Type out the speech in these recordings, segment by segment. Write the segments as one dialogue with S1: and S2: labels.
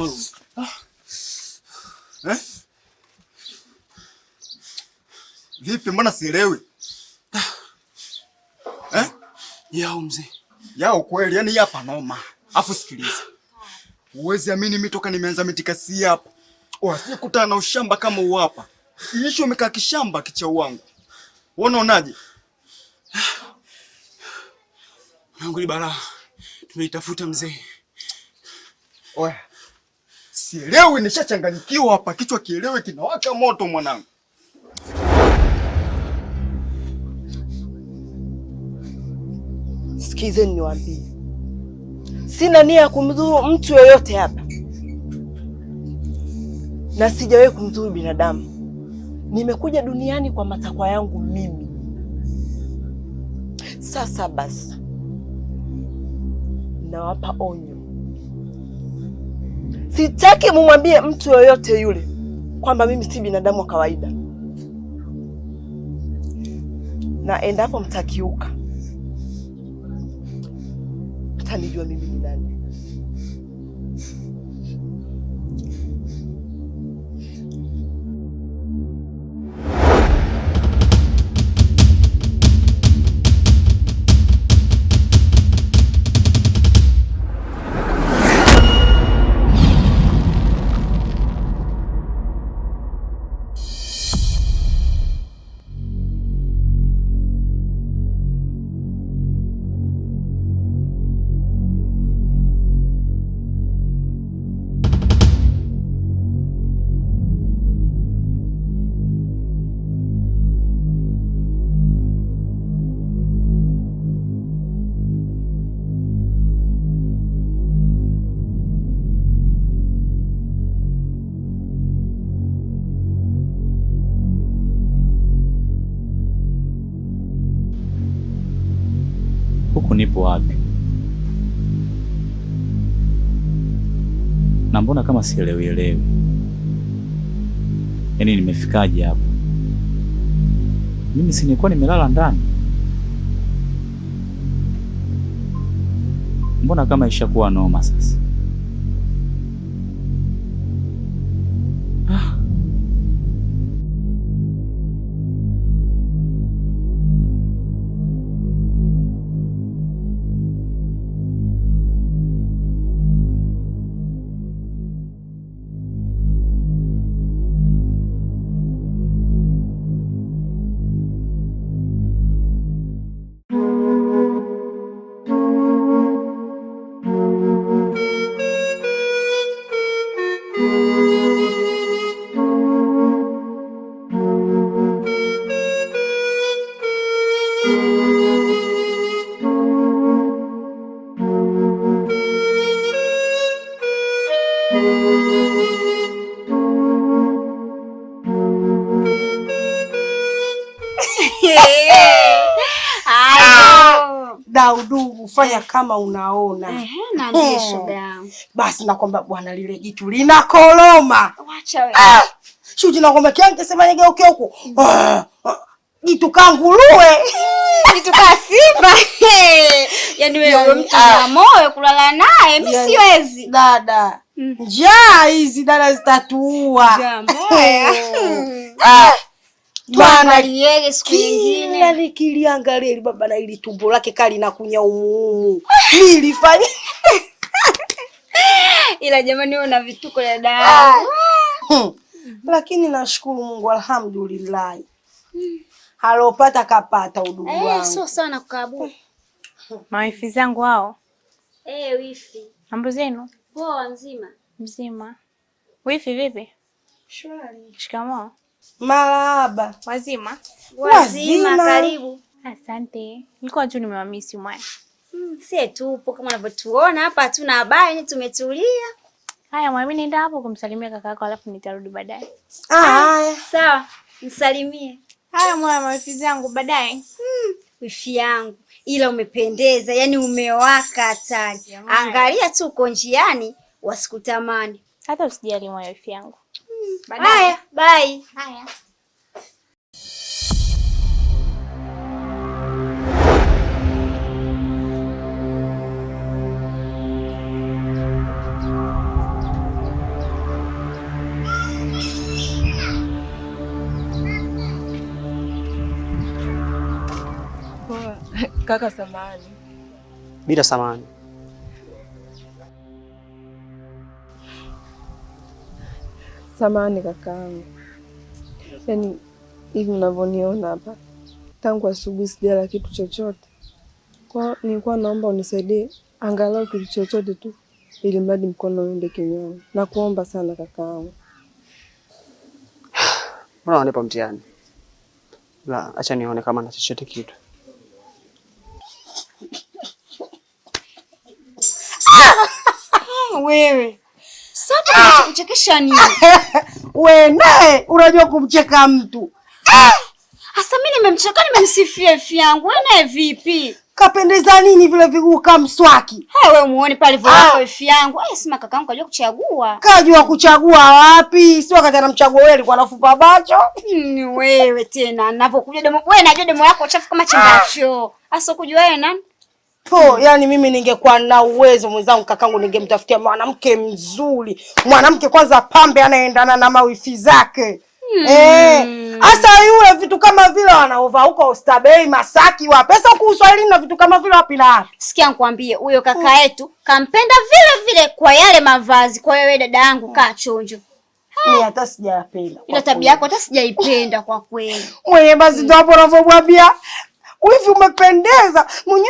S1: move. Eh? Vipi, mbona sielewi ah.
S2: Eh? Yao mzee,
S1: yao kweli, yani hapa noma. Afu sikiliza, uwezi amini mimi toka nimeanza mitikasi hapa wasikutana oh, na ushamba kama huu hapa. Ilisho umekaa kishamba kicha wangu, unaonaje?
S2: Nguli bala. tumeitafuta mzee.
S1: Oya. Sielewi, nishachanganyikiwa hapa, kichwa kielewe kinawaka moto mwanangu.
S3: Sikizeni niwaambie, sina nia ya kumdhuru mtu yoyote hapa na sijawahi kumdhuru binadamu. Nimekuja duniani kwa matakwa yangu mimi. Sasa basi, nawapa onyo Sitaki mumwambie mtu yoyote yule kwamba mimi si binadamu wa kawaida, na endapo mtakiuka mtanijua mimi
S4: nipo wapi? Na mbona kama sielewi elewi, yaani nimefikaje hapo Mimi si nilikuwa nimelala ndani? Mbona kama ishakuwa noma sasa?
S5: Ah. Daudu ufanya kama unaona.
S6: Ehe, na ndiye shoga
S5: Basi nakwamba bwana, lile jitu lina koloma.
S6: Wacha wewe. Ah,
S5: shuji nakwamba kiange sema nyegeuke huko. Ah, ah, jitu kanguruwe.
S6: Jitu ka simba. yani wewe mtu na ah. moyo kulala naye, mimi siwezi.
S5: Dada. Mm-hmm. Njaa hizi dada zitatuua
S6: ah. kila
S5: nikiliangalia ili baba na ili tumbo lake kali na kunya umuumu nilifanya
S6: ila jamani, una vituko dada, ah.
S5: hmm. lakini nashukuru Mungu alhamdulillah, alopata kapata. Udugu
S6: eh, wangu sio sana kukabu
S7: mawifi zangu hao,
S6: eh wifi mambo zenu Poa, nzima
S7: mzima. Wifi vipi?
S6: Shwari.
S7: Shikamoo.
S5: Marahaba.
S7: Wazima?
S6: Wazima. Karibu.
S7: Asante. Nilikuwa tu nimewamisi mwana.
S6: Mm, sie tupo kama unavyotuona hapa, hatuna habari, ni tumetulia.
S7: Haya mwami, nenda hapo kumsalimia kaka yako, alafu nitarudi baadaye.
S5: Ah, ah, haya,
S6: sawa, msalimie. Haya mwami, wifi zangu baadaye. Hmm,
S5: wifi yangu ila umependeza, yani umewaka hatari. Angalia tu uko njiani, wasikutamani.
S7: Hata usijali moyo wangu.
S6: Haya, mm. bye. Haya.
S8: Kaka samani. Bila samani. samani kakaangu, yaani hivi unavyoniona hapa, tangu asubuhi sijala kitu chochote. Kwa nilikuwa naomba unisaidie angalau kitu chochote tu, ili mradi mkono uende kinywani. Nakuomba sana kakaangu.
S4: Mbona unanipa mtihani? La, acha nione kama na chochote kitu
S6: Wewe sasa ah. unachekesha nini?
S5: Wewe naye unajua kumcheka mtu. Ah!
S6: Hasa mimi nimemcheka, nimemsifia ifi yangu. Wewe naye vipi?
S5: Kapendeza nini vile viguu kama mswaki?
S6: Ah, wewe muone pale vile ifi yangu. Eh, sima kakaangu kajua kuchagua.
S5: Kajua kuchagua wapi? Sio wakati anamchagua wewe alikuwa anafupa bacho.
S6: Ni wewe tena. Ninapokuja demo, wewe najua demo yako chafu kama chimbacho. Hasa kujua wewe nani?
S5: po, yani mimi ningekuwa na uwezo mwenzangu, kakangu, ningemtafutia mwanamke mzuri, mwanamke kwanza pambe, anaendana na mawifi zake hmm. eh, hasa mm. E, yule vitu kama vile wanaova huko Ostabei, Masaki, Wapesa huku Uswahilini na vitu kama vile wapi na wapi.
S6: Sikia nikwambie, huyo kaka yetu mm. kampenda vile vile kwa yale mavazi. Kwa hiyo wewe dada yangu mm. kaa chonjo.
S5: Mimi hata sijapenda.
S6: Ile tabia yako hata sijaipenda kwa kweli.
S5: Mwenye basi ndo hapo unavyomwambia Wivi umependeza mwenye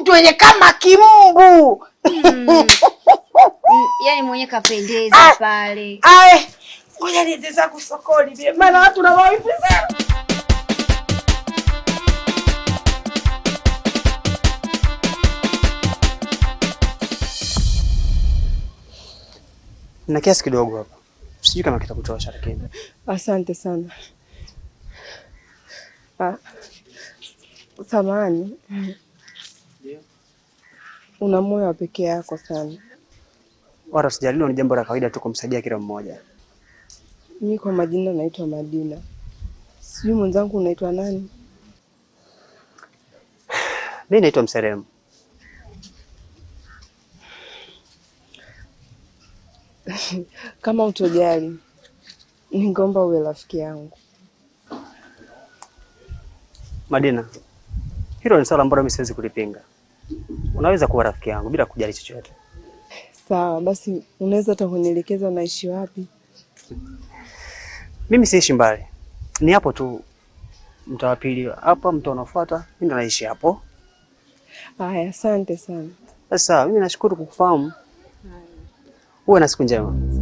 S5: mtu wenye kama kimbu mm.
S6: Yani mwenye kapendeza ah, pale.
S5: Ae, ngoja niende zangu sokoni maana watu na mawivi
S4: Na kiasi kidogo hapa, sijui kama kitakutosha, lakini
S8: asante sana thamani una moyo wa pekee yako sana.
S4: Wala sijalilo, ni jambo la kawaida tu kumsaidia kila mmoja.
S8: Mimi kwa majina naitwa Madina, sijui mwenzangu unaitwa nani?
S4: Mimi naitwa Mseremu.
S8: Kama utojali, ningeomba uwe rafiki yangu.
S4: Madina, hilo ni swala ambalo mimi siwezi kulipinga. Unaweza kuwa rafiki yangu bila kujali chochote.
S8: Sawa basi, unaweza hata kunielekeza naishi wapi?
S4: Mimi siishi mbali, ni hapo tu mtaa wa pili hapa, mtaa unafuata, mimi ndo naishi hapo.
S8: Haya, asante sana.
S4: Sasa mimi nashukuru kukufahamu. Uwe na siku njema.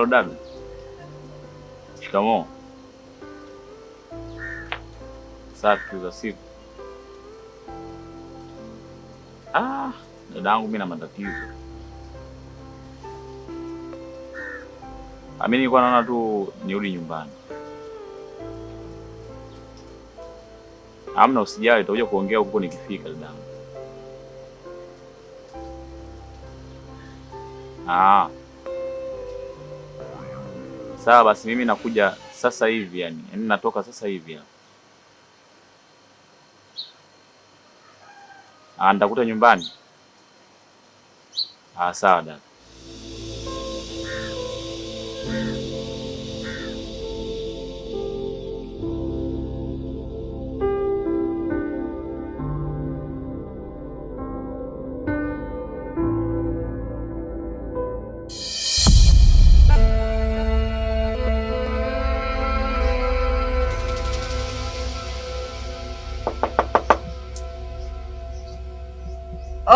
S9: Halo ah, dada. Shikamoo. Safi za siku. Ah, dadangu mimi na matatizo. Amini nilikuwa naona tu nirudi nyumbani. Amna, usijali, utakuja kuongea huko nikifika dadangu. Ah. Sawa basi, mimi nakuja sasa hivi yani, yani natoka sasa hivi hapa. Ah, nitakuta nyumbani. Ah, sawa dada.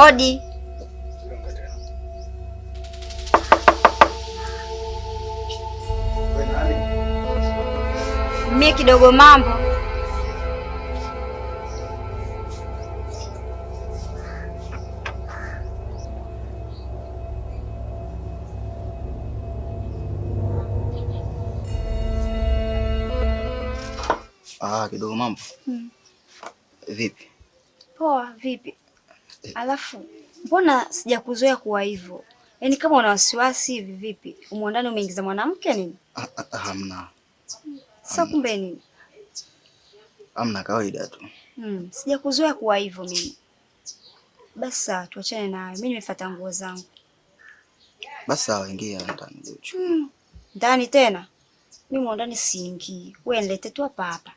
S10: Odi. Mie kidogo mambo.
S11: Ah, kidogo mambo. Hmm. Vipi?
S10: Poa, vipi? Alafu mbona sijakuzoea kuwa hivyo? Yaani kama una wasiwasi hivi vipi? Umo ndani umeingiza mwanamke nini?
S11: Ah, ah, ah, hamna.
S10: Sasa kumbe nini?
S11: Hamna, kawaida tu.
S10: Mm, sijakuzoea kuwa hivyo mimi. basa sawa, tuachane na hayo. Mimi nimefuata nguo zangu.
S11: Basi sawa, ingia ndani Zuchu. Hmm,
S10: ndani tena? Mimi mwandani siingii. Wewe nilete tu hapa hapa.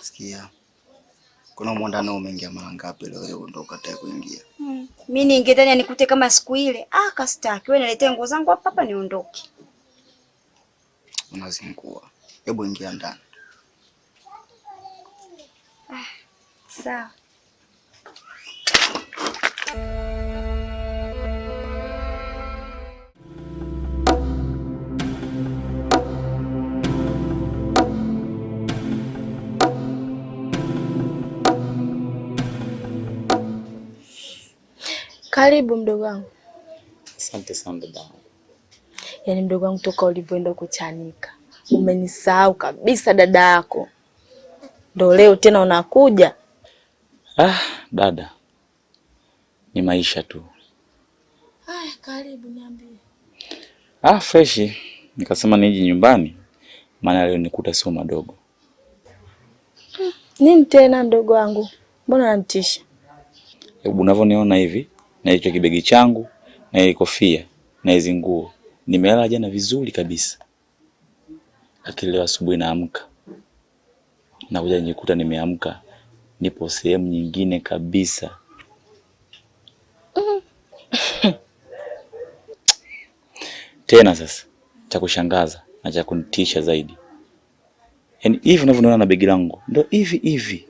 S11: Sikia. Kuna mwandano umeingia mara ngapi leo leo ndo ukatae kuingia? Mm.
S10: Mimi niingie ndani nikute kama siku ile. Ah, kastaki. Wewe niletee nguo zangu hapa hapa niondoke.
S11: Unazingua. Hebu ingia ndani.
S10: Ah, sawa. Karibu mdogo wangu.
S9: Asante sana dada
S10: Yaani mdogo wangu, toka ulivyoenda kuchanika umenisahau kabisa dada yako, ndo leo tena unakuja.
S9: Ah, dada, ni maisha tu
S10: haya. Karibu niambie.
S9: Ah, freshi, nikasema niji nyumbani, maana leo nikuta sio madogo.
S10: Hmm, nini tena mdogo wangu, mbona unanitisha?
S9: Hebu unavyoniona hivi na hicho kibegi changu na ile kofia na hizo nguo. Nimelala jana vizuri kabisa, lakini leo asubuhi naamka kuja nikuta nimeamka nipo sehemu nyingine kabisa. Mm-hmm. Tena sasa, cha kushangaza na cha kunitisha zaidi, yaani hivi unavyoona na begi langu ndo hivi hivi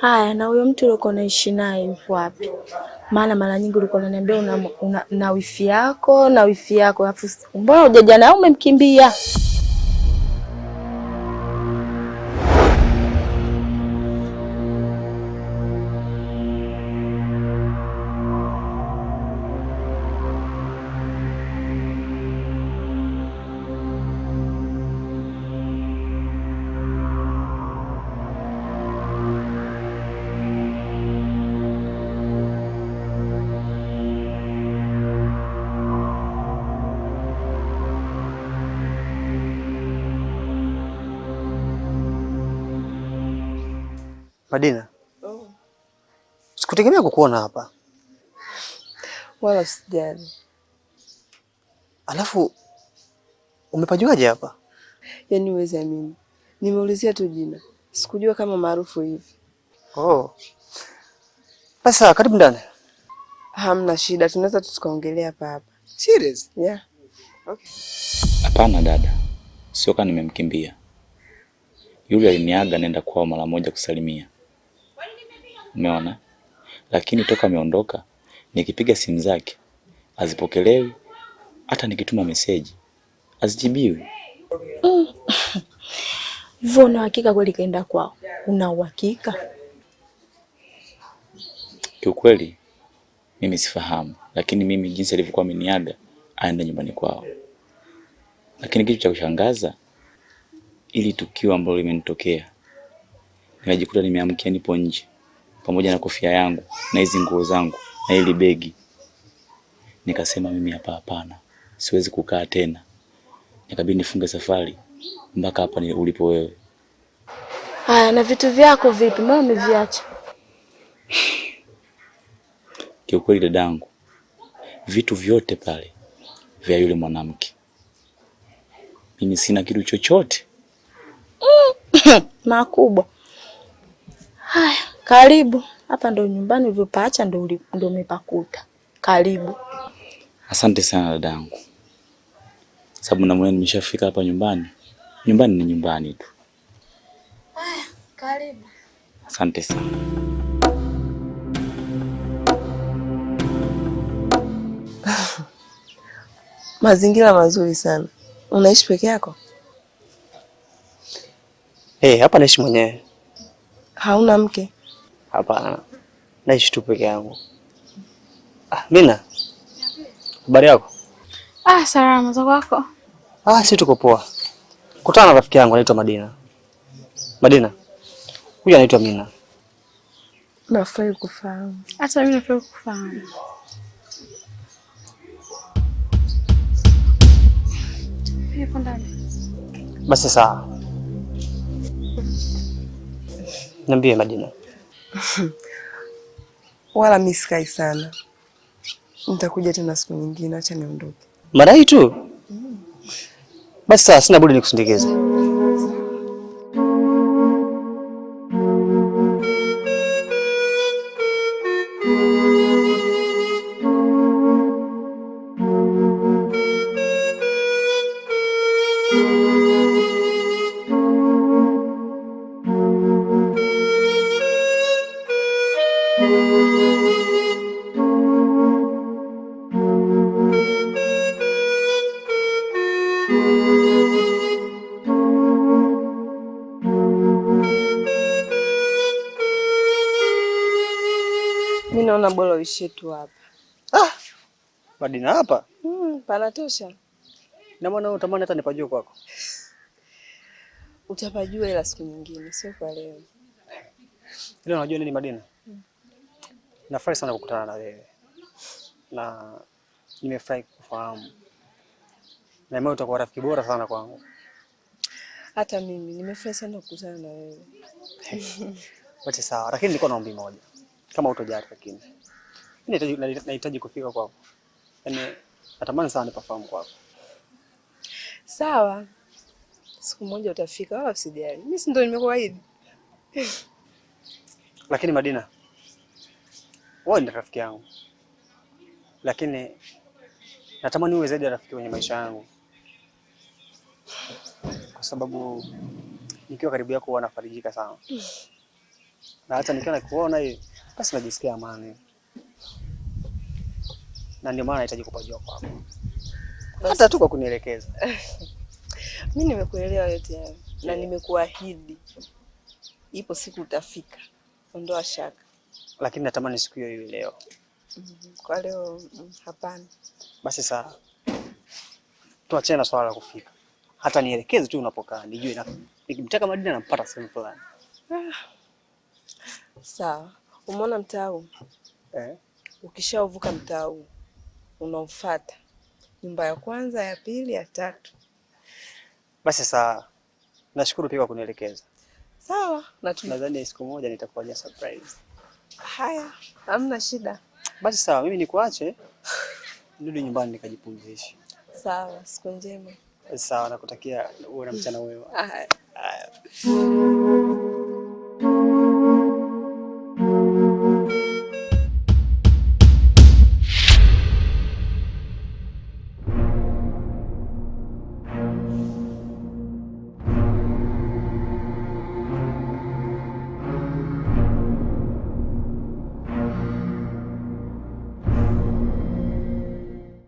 S10: Haya, na huyo mtu uliokuwa unaishi naye yupo wapi? Maana mara nyingi ulikuwa unaniambia una, una, na wifi yako na wifi yako, alafu mbona hujaja na umemkimbia?
S4: Madina, oh. Sikutegemea kukuona hapa
S8: wala sijani.
S4: Alafu umepajuaje hapa?
S8: Yaani uweze amini, nimeulizia tu jina, sikujua kama maarufu hivi.
S4: Oh, sasa karibu ndani.
S8: Hamna shida, tunaweza tu tukaongelea hapa hapa.
S4: Serious?
S8: Yeah. Okay.
S9: Hapana dada, sio kama nimemkimbia yule, aliniaga nenda kwao mara moja kusalimia Umeona? Lakini toka ameondoka nikipiga simu zake azipokelewi, hata nikituma meseji azijibiwi. Mm.
S10: Hivyo una uhakika kweli kaenda kwao? Una uhakika?
S9: Kiukweli mimi sifahamu, lakini mimi jinsi alivyokuwa ameniaga aenda nyumbani kwao. Lakini kitu cha kushangaza, ili tukio ambalo limenitokea, ninajikuta nimeamkia nipo nje pamoja na kofia yangu na hizi nguo zangu na ili begi. Nikasema mimi hapa, hapana, siwezi kukaa tena, nikabidi nifunge safari mpaka hapa ulipo wewe.
S10: Haya, na vitu vyako vipi? Mbona umeviacha?
S9: Kiukweli dadangu, vitu vyote pale vya yule mwanamke, mimi sina kitu chochote
S10: mm. makubwa. Haya. Karibu. Hapa ndo nyumbani ulivyopaacha ndo ndo umepakuta. Karibu.
S9: Asante sana dadangu. Sababu na mwenyewe nimeshafika hapa nyumbani. Nyumbani ni nyumbani tu.
S10: Haya, karibu.
S9: Asante sana.
S10: Mazingira mazuri sana. Unaishi peke yako?
S4: Eh, hey, hapa naishi mwenyewe.
S10: Hauna mke?
S4: Hapana, naishi tu peke yangu. Ah, Mina, habari yako?
S10: Ah, salama za kwako?
S4: Ah, si tuko poa. Kutana na rafiki yangu anaitwa Madina. Madina, huyu anaitwa Mina.
S10: Nafurahi kufahamu. Hata mimi nafurahi kufahamu.
S4: Basi sawa. Niambie Madina.
S8: wala mi sikai sana, nitakuja tena siku nyingine. Acha niondoke
S4: mara hii tu. Mm. Basi sawa, sina budi nikusindikize.
S10: Mimi naona bora uishie tu hapa.
S4: Ah, Madina hapa?
S10: Mm, panatosha.
S4: Na mwana utamani hata nipajue kwako?
S10: Utapajua ila siku nyingine, sio kwa leo.
S4: Ila unajua nini Madina? Mm. Nafurahi sana kukutana na wewe na nimefurahi kufahamu na mimi utakuwa rafiki bora sana kwangu.
S10: Hata mimi nimefurahi sana kukutana na wewe.
S4: Wote sawa, lakini niko na ombi moja, kama utojari lakini nahitaji kufika kwako, yaani natamani sana nipafahamu kwako.
S10: Sawa, siku moja utafika, wala usijali, mimi si ndio nimekuahidi.
S4: Lakini Madina, wewe ni rafiki yangu, lakini natamani uwe zaidi ya rafiki kwenye maisha yangu kwa sababu nikiwa karibu yako nafarijika sana mm. na hata nikiwa nakuona hivi basi najisikia amani, na ndio maana nahitaji kupajua kwako hata tu kwa kunielekeza.
S10: Mi nimekuelewa yote hayo na nimekuahidi, ipo siku utafika, ondoa shaka.
S4: Lakini natamani siku hiyo iwe leo.
S10: Mm-hmm. Kwa leo mm, hapana.
S4: Basi sawa, tuachane na swala la kufika hata nielekeze tu unapokaa nijue na nikimtaka Madina nampata sehemu fulani. Ah,
S10: sawa. Umeona mtaa huu? Eh. Ukishavuka mtaa huu unaofuata nyumba ya kwanza, ya pili, ya tatu.
S4: Basi sawa. Nashukuru pia kwa kunielekeza. Sawa, na tunadhani siku moja nitakufanyia surprise.
S10: Haya, hamna shida.
S4: Basi sawa, mimi nikuache nirudi nyumbani nikajipumzishe.
S10: Sawa, siku njema.
S4: Sawa, nakutakia uwe na mchana mwema.